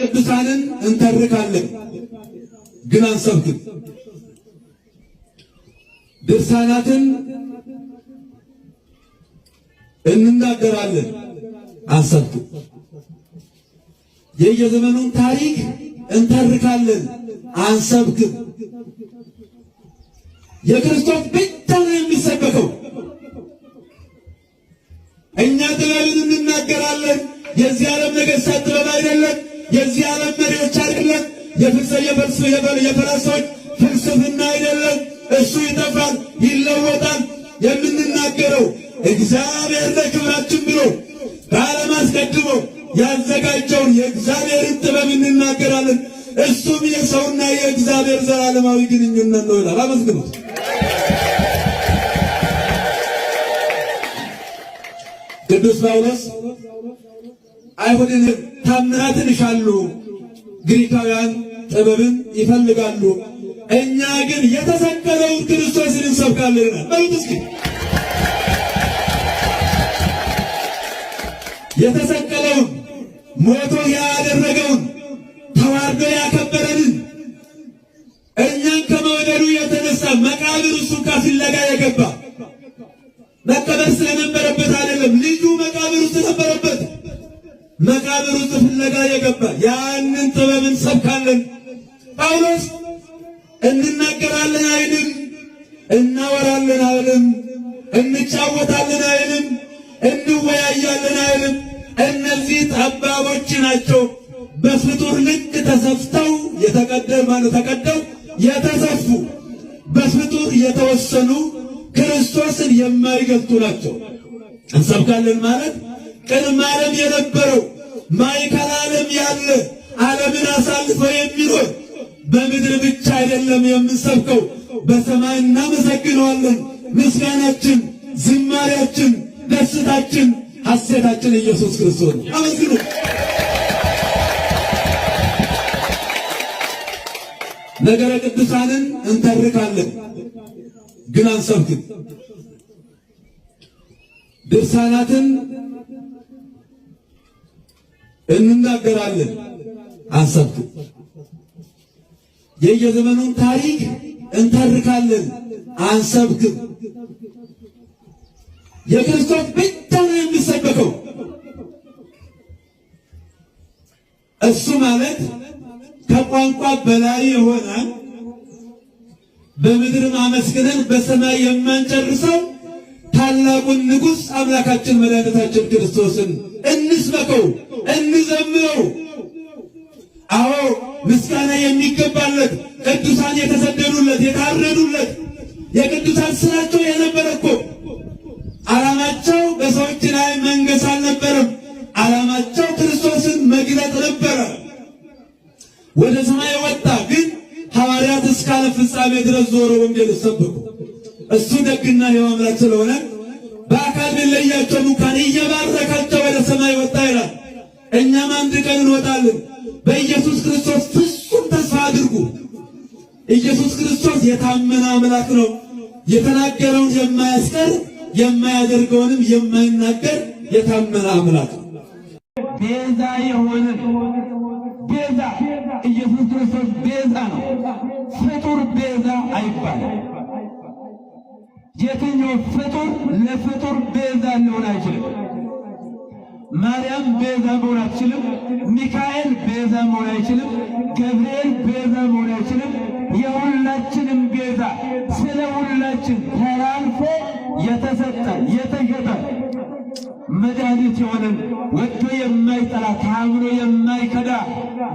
ቅዱሳንን እንተርካለን ግን አንሰብክም። ድርሳናትን እንናገራለን አንሰብክም። የየዘመኑን ታሪክ እንተርካለን አንሰብክም። የክርስቶስ ብቻ ነው የሚሰበከው። እኛ ጥበብን እንናገራለን የዚህ ዓለም ነገሥታት የዚህ ዓለም መሪዎች አይደለም፣ የፈላስፎች ፍልስፍና አይደለም። እሱ ይጠፋል፣ ይለወጣል። የምንናገረው እግዚአብሔር ለክብራችን ብሎ በዓለም አስቀድሞ ያዘጋጀውን የእግዚአብሔርን ጥበብ እንናገራለን። እሱም የሰውና የእግዚአብሔር ዘላለማዊ ግንኙነት ነው ይላል። አመስግኑት። ቅዱስ ጳውሎስ አይሁድንም ታምራትን ይሻሉ፣ ግሪካውያን ጥበብን ይፈልጋሉ። እኛ ግን የተሰቀለውን ክርስቶስን እንሰብካለን። በሉት እስኪ የተሰቀለውን ሞቶ ያደረገውን ተዋርዶ ያከበረንን እኛን ከመውደዱ የተነሳ መቃብር እሱ ጋር ፍለጋ የገባ መቀበር ስለ ጳውሎስ እንናገራለን አይልም፣ እናወራለን አይልም፣ እንጫወታለን አይልም፣ እንወያያለን አይልም። እነዚህ ጠባቦች ናቸው። በፍጡር ልክ ተሰፍተው የተቀደው ተቀደው የተሰፉ በፍጡር የተወሰኑ ክርስቶስን የማይገልጡ ናቸው። እንሰብካለን ማለት ቅድመ ዓለም የነበረው ማይከል ዓለም ያለ ዓለምን አሳልፈው የሚኖር በምድር ብቻ አይደለም የምንሰብከው፣ በሰማይ እናመሰግነዋለን። ምስጋናችን፣ ዝማሪያችን፣ ደስታችን፣ ሐሴታችን ኢየሱስ ክርስቶስ ነው። አመስግኑ። ነገረ ቅዱሳንን እንተርካለን ግን አንሰብክም። ድርሳናትን እንናገራለን አንሰብክም። የየዘመኑን ታሪክ እንተርካለን አንሰብክም። የክርስቶስ ብቻ ነው የሚሰበከው። እሱ ማለት ከቋንቋ በላይ የሆነ በምድር አመስግነን በሰማይ የማንጨርሰው ታላቁን ንጉሥ አምላካችን መድኃኒታችን ክርስቶስን እንስበከው፣ እንዘምረው። አዎ ምስጋና የሚገባለት ቅዱሳን የተሰደዱለት የታረዱለት የቅዱሳን ስራቸው የነበረ እኮ ዓላማቸው በሰዎች ላይ መንገስ አልነበረም። ዓላማቸው ክርስቶስን መግለጥ ነበረ። ወደ ሰማይ ወጣ፣ ግን ሐዋርያት እስካለ ፍጻሜ ድረስ ዞሮ ወንጌል ሰበኩ። እሱ ደግና ሕያው አምላክ ስለሆነ በአካል ቢለያቸው እንኳን እየባረካቸው ወደ ሰማይ ወጣ ይላል። እኛም አንድ ቀን እንወጣለን በኢየሱስ ክርስቶስ ኢየሱስ ክርስቶስ የታመነ አምላክ ነው። የተናገረውን የማያስቀር የማያደርገውንም የማይናገር የታመነ አምላክ ነው። ቤዛ የሆነ ቤዛ ኢየሱስ ክርስቶስ ቤዛ ነው። ፍጡር ቤዛ አይባልም። የትኛው ፍጡር ለፍጡር ቤዛ ሊሆን አይችልም። ማርያም ቤዛ መሆን አትችልም። ሚካኤል ቤዛ መሆን አይችልም። ገብርኤል ቤዛ መሆን አይችልም። የሁላችንም ቤዛ ስለ ሁላችን ተላልፎ የተሰጠ የተሸጠ መድኃኒት የሆነን ወዶ የማይጠላ ታምኖ የማይከዳ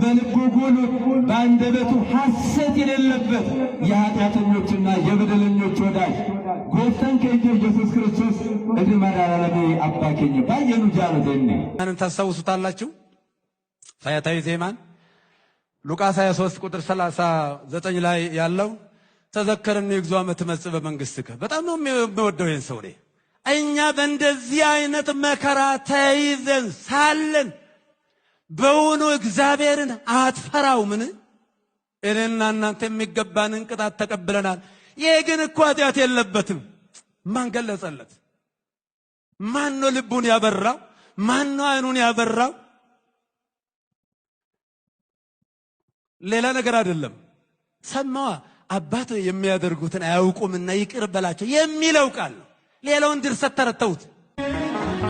በልቡ ጉሉት በአንደበቱ ሐሰት የሌለበት የኃጢአተኞችና የበደለኞች ወዳጅ ጎተን ከእንደ ኢየሱስ ክርስቶስ እዱ አባኬኝ ባየኑ ጃለ ታስታውሱታላችሁ። ዜማን ሉቃስ 23 ቁጥር 39 ላይ ያለው እግዚኦ በጣም ነው የሚወደው ይህን ሰው። እኛ በእንደዚህ አይነት መከራ ተይዘን ሳለን በውኑ እግዚአብሔርን አትፈራው? ምን እኔና እናንተ የሚገባንን ቅጣት ተቀብለናል። ይሄ ግን እኮ ኃጢአት የለበትም። ማን ገለጸለት? ማን ነው ልቡን ያበራው? ማን ነው አይኑን ያበራው? ሌላ ነገር አይደለም። ሰማዋ አባት የሚያደርጉትን አያውቁምና ይቅር በላቸው የሚለው ቃል ነው። ሌላውን ድርሰት ተረተውት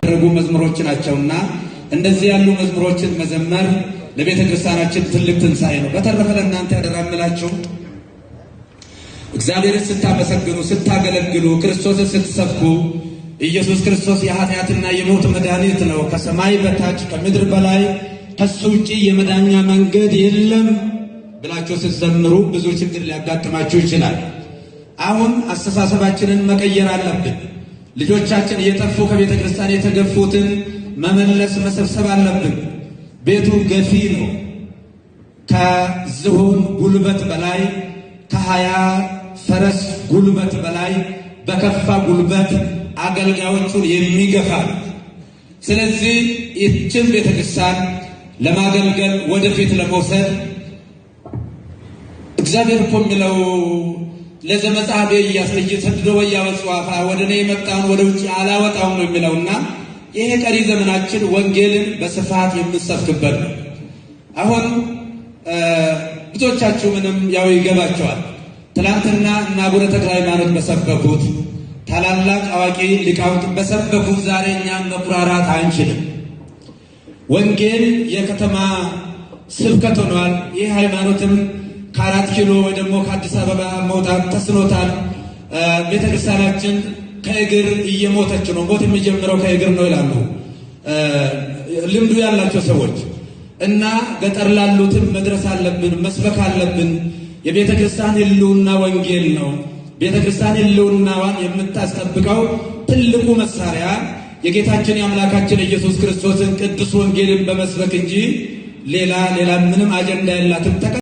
ያደረጉ መዝሙሮች ናቸውና እንደዚህ ያሉ መዝሙሮችን መዘመር ለቤተ ክርስቲያናችን ትልቅ ትንሣኤ ነው። በተረፈ ለእናንተ ያደራምላችሁ እግዚአብሔርን ስታመሰግኑ፣ ስታገለግሉ፣ ክርስቶስን ስትሰብኩ ኢየሱስ ክርስቶስ የኃጢአትና የሞት መድኃኒት ነው። ከሰማይ በታች ከምድር በላይ ከሱ ውጪ የመዳኛ መንገድ የለም ብላችሁ ስትዘምሩ ብዙ ችግር ሊያጋጥማችሁ ይችላል። አሁን አስተሳሰባችንን መቀየር አለብን። ልጆቻችን እየጠፉ ከቤተ ክርስቲያን የተገፉትን መመለስ መሰብሰብ አለብን። ቤቱ ገፊ ነው። ከዝሆን ጉልበት በላይ ከሀያ ፈረስ ጉልበት በላይ በከፋ ጉልበት አገልጋዮቹን የሚገፋ ነው። ስለዚህ ይህችን ቤተክርስቲያን ለማገልገል ወደፊት ለመውሰድ እግዚአብሔር እኮ የሚለው ለዘመጻቤ እያስለየ ሰድዶ ወያወጽዋፋ ወደ እኔ የመጣውን ወደ ውጭ አላወጣውም ነው የሚለውና ይሄ ቀሪ ዘመናችን ወንጌልን በስፋት የምንሰፍክበት ነው። አሁን ብዙዎቻችሁ ምንም ያው ይገባቸዋል። ትናንትና እና አቡነ ተክለ ሃይማኖት በሰበኩት ታላላቅ አዋቂ ሊቃውንት በሰበኩት ዛሬ እኛም መኩራራት አንችልም። ወንጌል የከተማ ስብከት ሆኗል። ይህ ሃይማኖትም ከአራት ኪሎ ወይ ደግሞ ከአዲስ አበባ መውጣት ተስኖታል። ቤተክርስቲያናችን ከእግር እየሞተች ነው። ሞት የሚጀምረው ከእግር ነው ይላሉ ልምዱ ያላቸው ሰዎች እና ገጠር ላሉትም መድረስ አለብን፣ መስበክ አለብን። የቤተ ክርስቲያን ወንጌል ነው። ቤተ ክርስቲያን ሕልውናዋን የምታስጠብቀው ትልቁ መሳሪያ የጌታችን የአምላካችን ኢየሱስ ክርስቶስን ቅዱስ ወንጌልን በመስበክ እንጂ ሌላ ሌላ ምንም አጀንዳ የላትም።